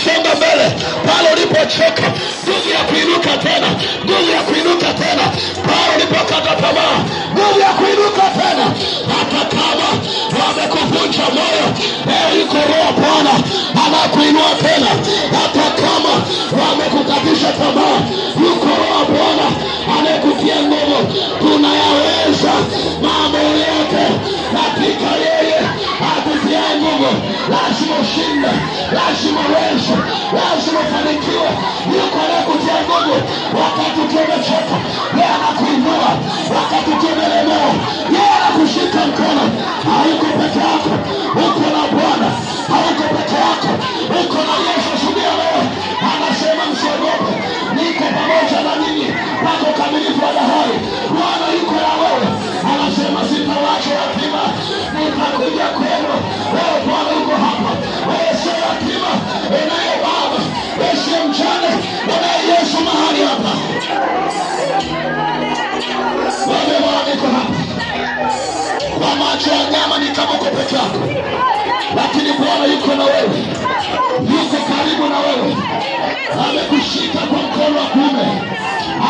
kusonga mbele pale ulipochoka, nguvu ya kuinuka tena, nguvu ya kuinuka tena pale ulipokata tamaa, nguvu ya kuinuka tena, hata kama wamekuvunja moyo. Leo eh, yuko Roho Bwana anakuinua tena, hata kama wamekukatisha tamaa, yuko Roho Bwana anayekutia nguvu. Tunayaweza mambo yote katika yeye kazi yaye Mungu, lazima ushinde, lazima uweze, lazima ufanikiwe. Yuko anakutia Mungu wakati tumechoka, yeye anakuinua wakati tumelemewa, yeye anakushika mkono. Hayuko peke yako, uko na Bwana. Hayuko peke yako, uko na Yesu. Subia leo, anasema msiogope, niko pamoja na ninyi mpaka ukamilifu wa dahari. Bwana yuko na wewe, anasema sitawacha yatima, nitakuja na macho ya nyama ni kama uko peke yako, lakini Bwana yuko na wewe, yuko karibu na wewe, amekushika kwa mkono wa kuume.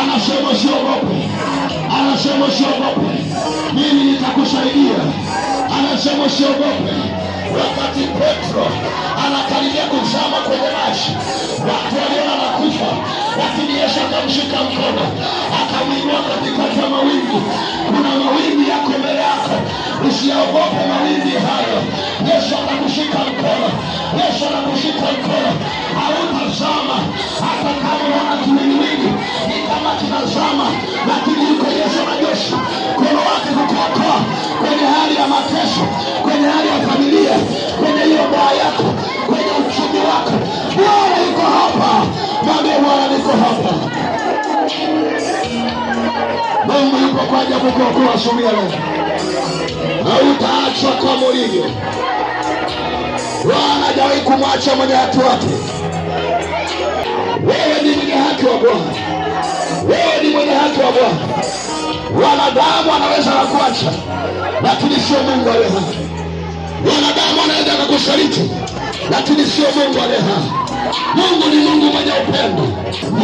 Anasema usiogope, anasema usiogope, mimi nitakusaidia. Anasema usiogope. Wakati Petro anakaribia kuzama kwenye maji, watu waliona anakufa, lakini Yesu akamshika mkono. mama, lakini yuko Yesu wa majeshi, mkono wake kukuokoa kwenye hali ya mateso, kwenye hali ya familia, kwenye hiyo ndoa yako, kwenye uchumi wako. Bwana yuko hapa, mwambie Bwana niko hapa. Mungu yuko kwa ajili ya kukuokoa asubuhi ya leo, hautaachwa kama ulivyo. Bwana hajawahi kumwacha mwenye haki wake. Wewe ni mwenye haki wa Bwana kwa Bwana. Wanadamu anaweza kukuacha, lakini sio Mungu aliye hai. Wanadamu anaweza kukusaliti, lakini sio Mungu aliye hai. Mungu ni Mungu mwenye upendo,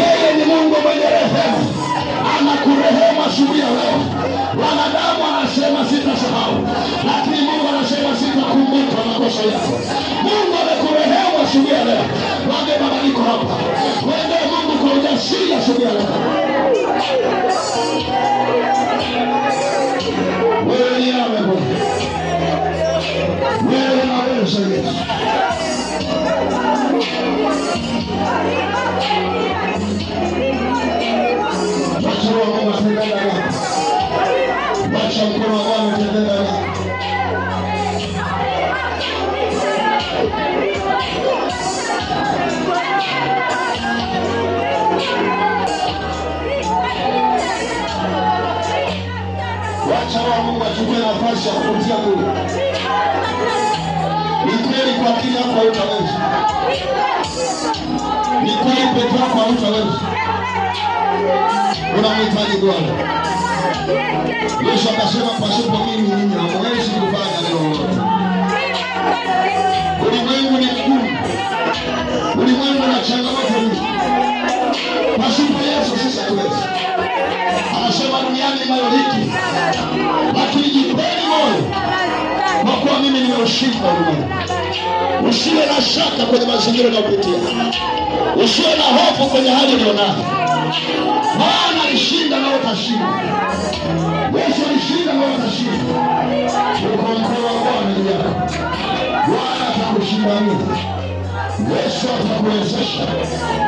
yeye ni Mungu mwenye rehema. Wacha Mungu atupe nafasi ya kutia Watch hautaweza, ni kweli peke yako hautaweza. Unamhitaji Bwana. Yesu akasema, pasipo mimi ninyi hamwezi kufanya lolote. Ulimwengu ni mgumu, ulimwengu na changamoto nyingi. Pasipo Yesu sisi hatuwezi. Anasema duniani maloliki, lakini jipeni moyo kwa kuwa mimi nimeushinda ulimwengu. Usiwe na shaka kwenye mazingira unayopitia, usiwe na hofu kwenye hali ulionayo. Bwana alishinda na utashinda, Yesu alishinda na utashinda. Ukombozi wa Bwana ni yako, Bwana atakushindania, Yesu atakuwezesha.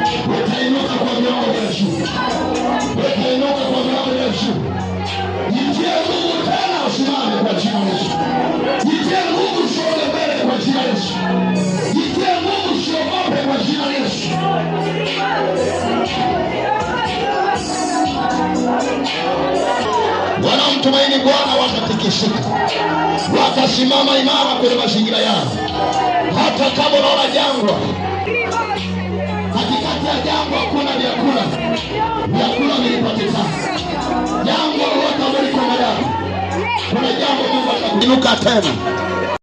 tumaini Bwana watatikisika, watasimama imara kwenye mazingira yao, hata kama unaona jangwa. Katikati ya jangwa kuna vyakula, vyakula vilipatikana. Jangwa lolote ambalo kuna jambo Mungu atakuinuka tena